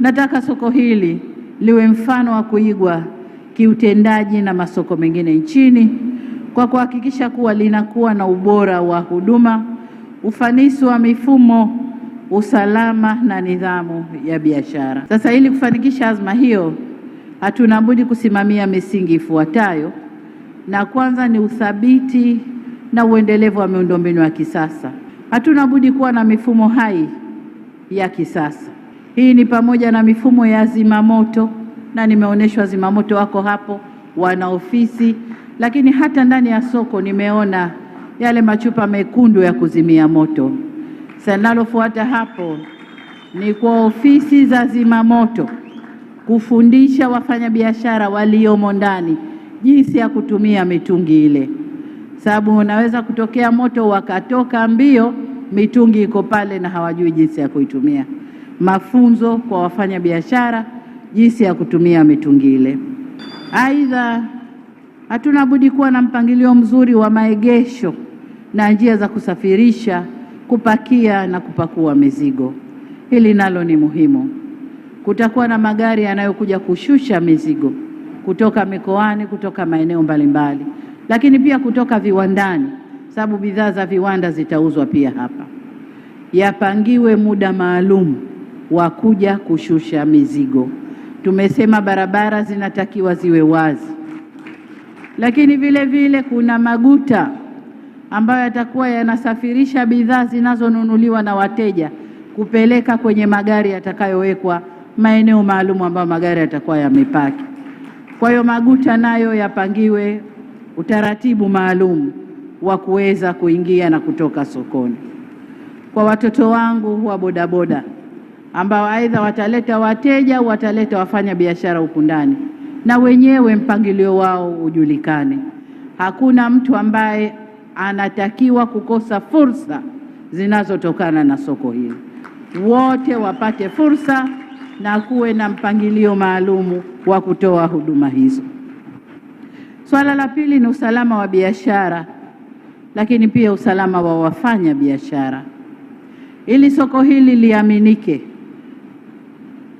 Nataka soko hili liwe mfano wa kuigwa kiutendaji na masoko mengine nchini kwa kuhakikisha kuwa linakuwa na ubora wa huduma, ufanisi wa mifumo, usalama na nidhamu ya biashara. Sasa ili kufanikisha azma hiyo, hatuna budi kusimamia misingi ifuatayo, na kwanza ni uthabiti na uendelevu wa miundombinu ya kisasa. Hatuna budi kuwa na mifumo hai ya kisasa. Hii ni pamoja na mifumo ya zimamoto, na nimeonyeshwa zimamoto wako hapo, wana ofisi, lakini hata ndani ya soko nimeona yale machupa mekundu ya kuzimia moto. Sanalofuata hapo ni kwa ofisi za zimamoto kufundisha wafanyabiashara waliomo ndani jinsi ya kutumia mitungi ile, sababu unaweza kutokea moto wakatoka mbio, mitungi iko pale na hawajui jinsi ya kuitumia mafunzo kwa wafanyabiashara jinsi ya kutumia mitungi ile. Aidha, hatuna budi kuwa na mpangilio mzuri wa maegesho na njia za kusafirisha, kupakia na kupakua mizigo. Hili nalo ni muhimu. Kutakuwa na magari yanayokuja kushusha mizigo kutoka mikoani, kutoka maeneo mbalimbali, lakini pia kutoka viwandani, sababu bidhaa za viwanda zitauzwa pia hapa. Yapangiwe muda maalum wa kuja kushusha mizigo. Tumesema barabara zinatakiwa ziwe wazi, lakini vile vile kuna maguta ambayo yatakuwa yanasafirisha bidhaa zinazonunuliwa na wateja kupeleka kwenye magari yatakayowekwa maeneo maalum ambayo magari yatakuwa yamepaki. Kwa hiyo maguta nayo yapangiwe utaratibu maalum wa kuweza kuingia na kutoka sokoni. Kwa watoto wangu wa bodaboda ambao aidha wataleta wateja au wataleta wafanya biashara huku ndani, na wenyewe mpangilio wao ujulikane. Hakuna mtu ambaye anatakiwa kukosa fursa zinazotokana na soko hili, wote wapate fursa na kuwe na mpangilio maalumu wa kutoa huduma hizo. Swala la pili ni usalama wa biashara, lakini pia usalama wa wafanya biashara, ili soko hili liaminike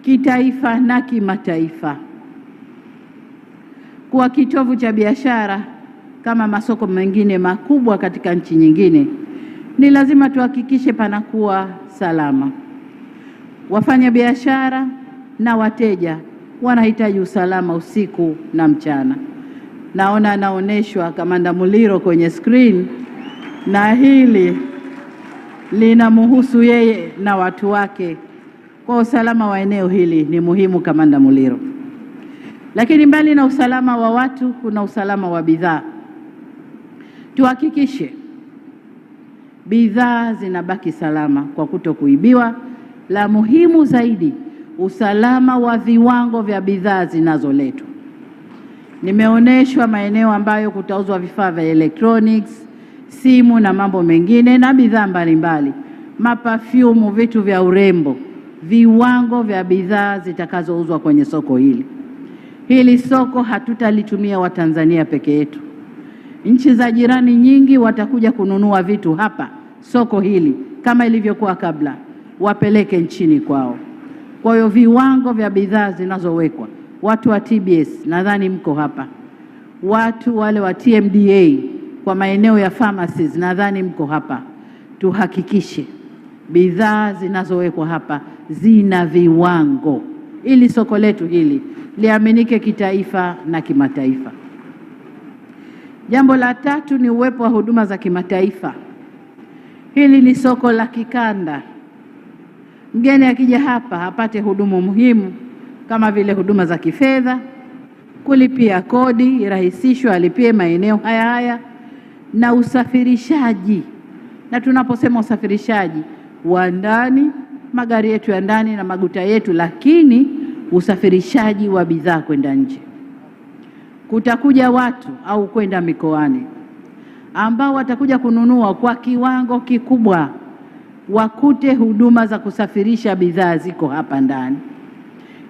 kitaifa na kimataifa, kuwa kitovu cha biashara kama masoko mengine makubwa katika nchi nyingine. Ni lazima tuhakikishe panakuwa salama. Wafanyabiashara na wateja wanahitaji usalama usiku na mchana. Naona anaonyeshwa Kamanda Muliro kwenye screen, na hili linamhusu yeye na watu wake kwa usalama wa eneo hili ni muhimu, Kamanda Muliro. Lakini mbali na usalama wa watu, kuna usalama wa bidhaa. Tuhakikishe bidhaa zinabaki salama kwa kuto kuibiwa. La muhimu zaidi, usalama wa viwango vya bidhaa zinazoletwa. Nimeonyeshwa maeneo ambayo kutauzwa vifaa vya electronics, simu na mambo mengine na bidhaa mbalimbali, mapafyumu, vitu vya urembo viwango vya bidhaa zitakazouzwa kwenye soko hili. Hili soko hatutalitumia Watanzania peke yetu, nchi za jirani nyingi watakuja kununua vitu hapa. Soko hili kama ilivyokuwa kabla, wapeleke nchini kwao. Kwa hiyo viwango vya bidhaa zinazowekwa, watu wa TBS nadhani mko hapa, watu wale wa TMDA kwa maeneo ya pharmacies nadhani mko hapa, tuhakikishe bidhaa zinazowekwa hapa zina viwango, ili soko letu hili liaminike kitaifa na kimataifa. Jambo la tatu ni uwepo wa huduma za kimataifa. Hili ni soko la kikanda. Mgeni akija hapa apate huduma muhimu kama vile huduma za kifedha, kulipia kodi irahisishwe, alipie maeneo haya haya, na usafirishaji. Na tunaposema usafirishaji wa ndani, magari yetu ya ndani na maguta yetu, lakini usafirishaji wa bidhaa kwenda nje. Kutakuja watu au kwenda mikoani ambao watakuja kununua kwa kiwango kikubwa, wakute huduma za kusafirisha bidhaa ziko hapa ndani,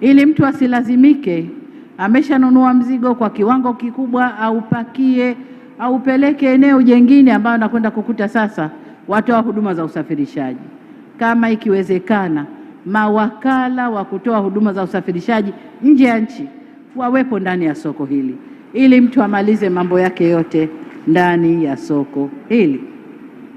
ili mtu asilazimike ameshanunua mzigo kwa kiwango kikubwa, aupakie aupeleke eneo jengine ambayo anakwenda kukuta sasa watoa huduma za usafirishaji kama ikiwezekana, mawakala wa kutoa huduma za usafirishaji nje ya nchi wawepo ndani ya soko hili ili mtu amalize mambo yake yote ndani ya soko hili.